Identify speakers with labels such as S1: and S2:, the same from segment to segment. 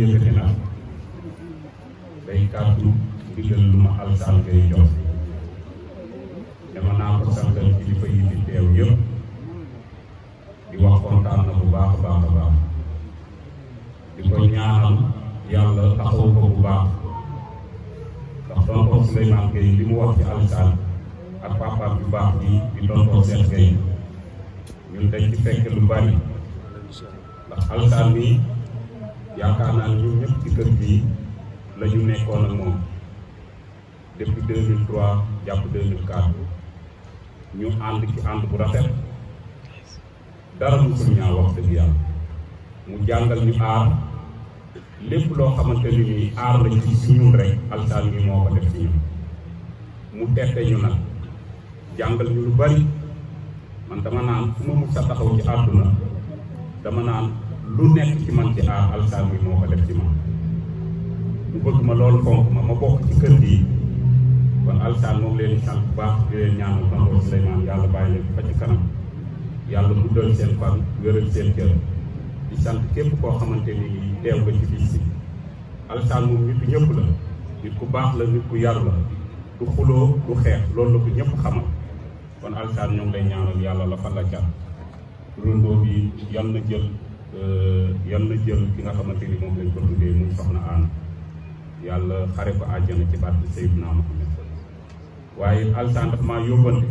S1: yëkkati naa day kàddu ndigal lu ma alsaan ngay jox dama naa ko santal kilifa yi fi teew yëpp di wax kontaan na bu baax baax a baax di ko ñaanal yàlla taxaw ko bu baax ndax tonton Souleymane Gueye li wax ci alsaan ak papaam bu baax bi di ñun dañ ci fekk lu bari ndax alsaan nii yaakaar naa ñun ñëpp ci kër gi la ñu nekkoon ak moom depuis 2003 jàpp 2004 ñu ànd ci ànd bu rafet dara mu ko ñaaw wax dëgg yàlla mu jàngal ñu aar lépp loo xamante ni nii aar la ci rek moo ko def ci mu tette ñu nag jàngal ñu lu bari man dama naan fu ma taxaw ci àdduna dama naan lu nekk ci man ci aar alsaan bi moo ko def ci man mu bëgg ma loolu fonk ma ma bokk ci kër gi kon alsaan moom leen sant bu baax di leen ñaanal Tanor yàlla bàyyi seen fan wéral seen cër di sant képp koo xamante ni teew nga ci bis bi alsaan moom nit ku ñëpp la nit ku baax la nit ku yaru du xuloo du xeex loolu la ko ñëpp xamal kon alsaan ñoom lay ñaanal yàlla la fa la cat bi yal jël Euh, yal na jël ki nga xamante ni moom lañ ko tuddee muy soxna aan yàlla xare ko àjjana ci barke Seydina Muhammad waaye alsaan dafa maa yóbbante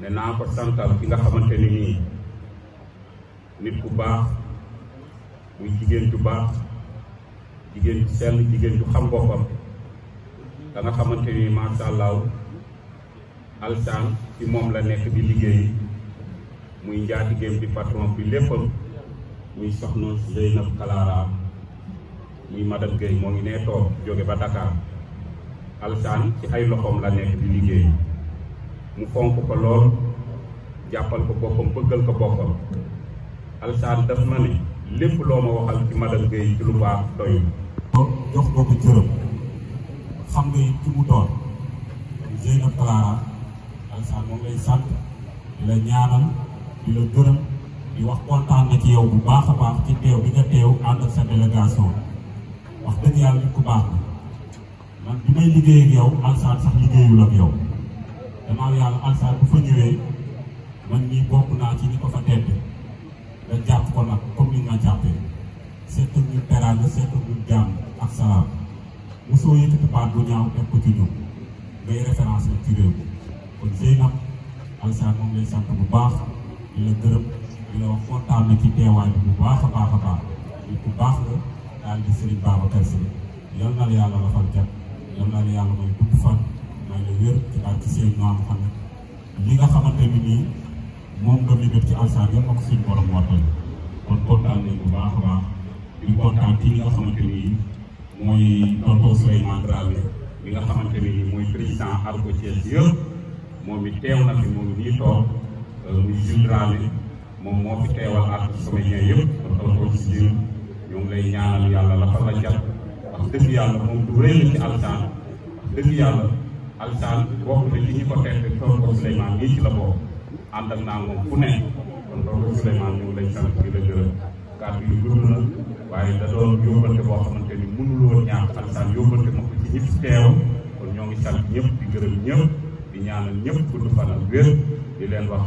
S1: ne naa ko santal ki nga xamante ni nii nit ku baax muy jigéen ju baax jigéen seen jigéen ju xam boppam da nga xamante ni macha allah alsaan ci moom la nekk di liggéey muy njaatigeem di patron bi léppam muy soxna Zeynab Kalaara muy madame Guèye moo ngi nee toog jóge ba Dakar Alsaan ci ay loxoom la nekk di liggéey mu fonk ko lool jàppal ko boppam bëggal ko boppam Alsaan daf ma ne lépp loo ma waxal ci madame Guèye ci lu baax doyul jox ko ko cërëm xam nga ci doon moom lay sant la ñaanal di wax kontaan na ci yow bu baax a baax ci teew bi nga teew ànd ak sa délégation wax dëgg yàlla nit ku baax la man bi may liggéey ak yow alsaan sax liggéeyul ak yow damaa yàlla alsaan bu fa ñëwee man nii bokk naa ci ñi ko fa tedd nga jàpp ko nag comme ni nga jàppee seetal ñu teraanga seetal ñu jàmm ak salaam mosoo yëkkati baat bu ñaaw teg ci ñun ngay référence la ci réew mi kon Zeynab alsaan moom lay sant bu baax di la gërëm bu baax a baax a baax nit ku baax la daal di Serigne Babacar li nga xamante ni nii moom nga mébét ci alsaan yal na ko suñu borom wattal kon kontaan nañ a ci li nga xamante ni mooy tonton mooy président Arco Thiès yëpp moom it teew na moom it toog muy général bi moom moo fi teewal artiste comédien yëpp kon alxuraan si biir ñoo ngi lay ñaanal yàlla la fa la naa moom fu ne kon tonton la gërëm kàddu yu gudd na waaye da doon kon ñoo ngi sant ñëpp di gërëm ñëpp di ñaanal ñëpp gudd fan ak wér di leen wax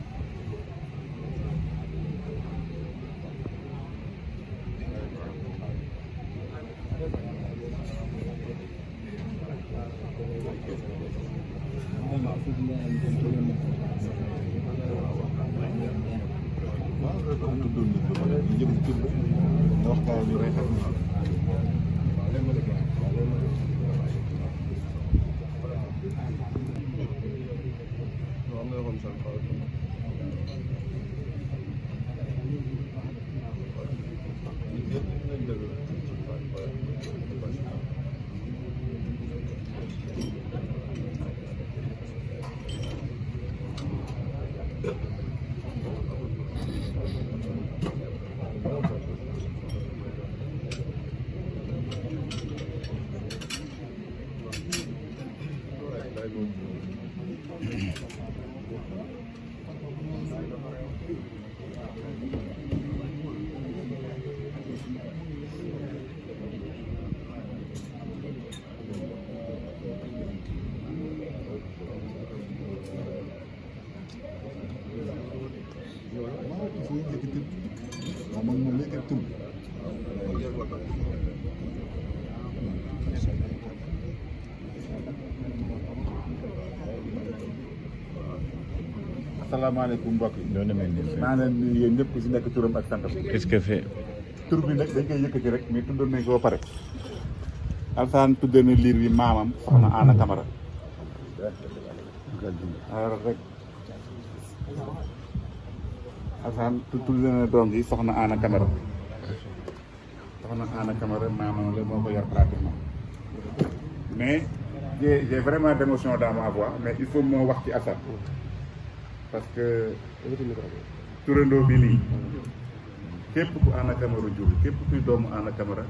S2: waaw loolu comme tuddul nit ba pare ñu jëm tudd nga wax waaw il faut ñu yëkkati waaw man moom léegi tëb
S1: asalaamaaleykum mbokk yi. ñoo demee nii maa leen di yéen ñëpp ku si nekk turam ak santam. tur bi nag dañ koy yëkkati rek mais tuddoon nañ ko ba pare. Alsaan tuddee na liir bi maamam soxna Anna Camara. rek. Assane tudd na doom ji soxna Anna Camara soxna Anna Camara maamam la moo ko yar pratiquement mais j'ai j'ai vraiment d'émotion dans ma voix mais il faut moo wax ci Assane parce que turandoo bi lii képp ku Anna Camara jur képp kuy doomu Anna Camara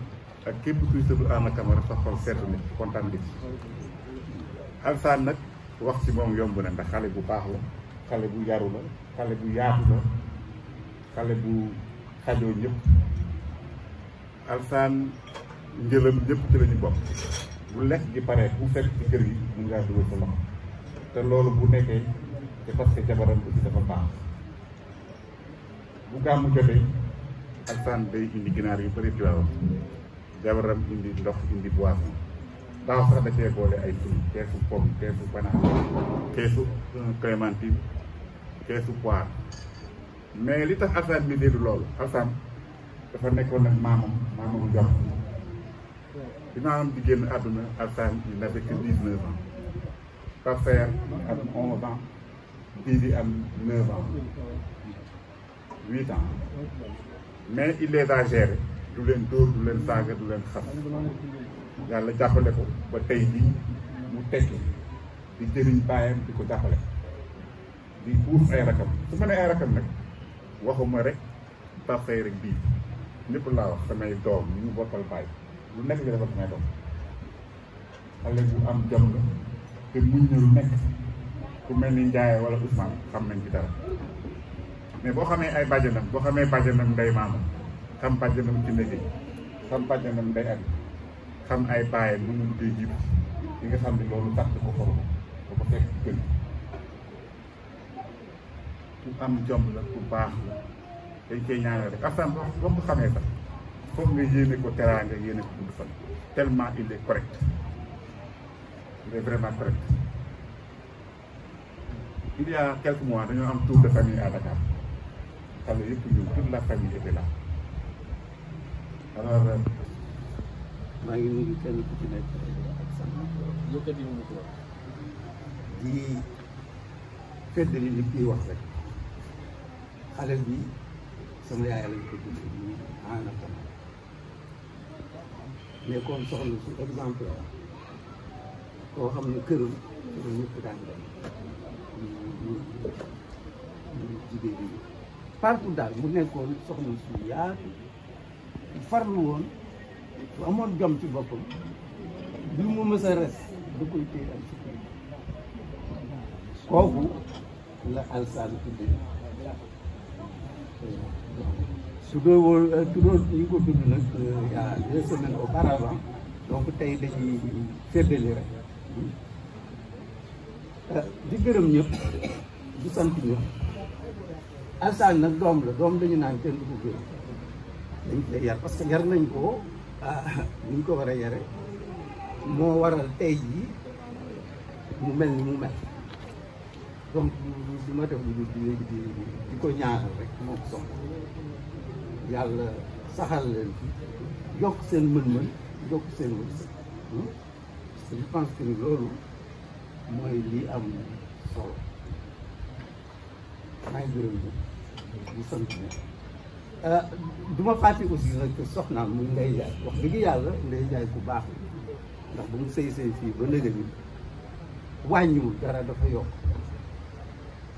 S1: ak képp kuy sëbu Anna Camara sa xol seetu nit kontaan nit Assane nag wax ci moom yomb na ndax xale bu baax la xale bu yaru la xale bu yaatu la xale bu xajoo ñëpp alsaan njëlam ñëpp ci ñu bokk bu lekk gi pare bu fekk ci kër gi mun ngaa dugal sa loxo te loolu bu nekkee te parce que jabaram aussi dafa baax bu gàmmu jotee alsaan day indi ginaar yu bëri tiwaawam jabaram indi ndox indi boisson daaw sax da boole ay fruit keesu pomme keesu banaan keesu euh, clémentine keesu poire mais li tax Alsaan bi dégg loolu Alsaan dafa nekkoon nag maamam maamam jox bi maamam di génn àdduna Alsaan il n'avait que dix-neuf ans Pape am onze ans Didi am neuf ans huit ans mais il les a gérés du leen dóor du leen saaga du leen xas yàlla jàppale ko ba tey jii mu tekki di jëriñ baayam di ko jàppale di uuf ay rakam su ma ay rakam nag waxuma rek parfait rek bii ñëpp laa wax samay doom ñu ñu bokkal bàyyi lu nekk nga defal samay doom xale bu am jom la te muñ na lu nekk ku mel ni Ndiaye wala Ousmane xam nañ ci dara mais boo xamee ay bàjjanam boo xamee bàjjanam ndey maama xam bàjjanam ci ndege xam bàjjanam ndey ak xam ay bàyyi mënul di jiitu li nga xam ne loolu tax ko xool ba ko fekk gën ku am jom la ku baax la dañ koy ñaanal rek asam ba nga yéene ko teraanga yéene ko gudd fan tellement il est correct il est vraiment correct il y a quelques mois dañoo am tour de famille à Dakar xale yëpp ñëw toute la famille était là alors
S2: euh, maa ngi nuyu kenn ku wax rek xalel bi sama yaay lañ ko tudd muy xam ne këram sama ñëpp mu nekkoon soxna su jom ci boppam koy téye am si kooku la alsaan tudd su doo woo su doo ko tudd nag il y a deux semaines auparavant tey dañuy féddali rek di gërëm ñëpp di sant ñëpp alsaan nag doom la doom dañu naan kenn du ko dañ koy yar parce que yar nañ ko ni ko war a yare moo waral tey jii mu mel ni mu mel không mới được di di đi đi đi cô nhà rồi một xong giờ là sahal yok sen mình mình yok sen mình je pense que loolu đi li am solo maa ngi đi di sant du ma fàtte aussi rek soxnaam muy Ndeye Ndiaye wax dëgg yàlla Ndeye Ndiaye ku baax ndax bu mu sëy sëy fii ba nëgë ni wàññiwul dara dafa yokk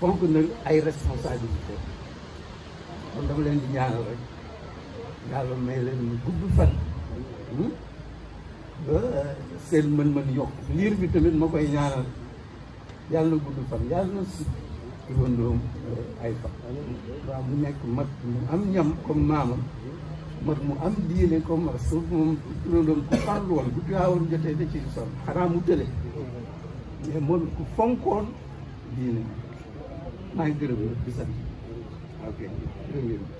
S2: fonk na ay responsabilité kon dama leen di ñaanal rek yàlla may leen gudd fan hmm? seen mën-mën yokk liir bi tamit ma koy ñaanal yàlla na gudd fan yàlla na si turandoom eh, ay fan mu nekk mat mu am ñam comme maamam mat mu am diine comme rasul moom turandoom ku farlu woon bu tuwaawoon jotee da ci son xanaa mu tële mais moom ku fonkoon diine Mind Thank you, Ravi. Okay.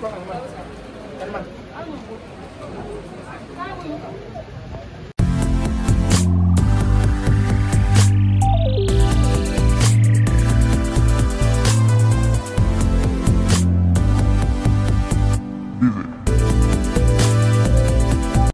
S2: Qual é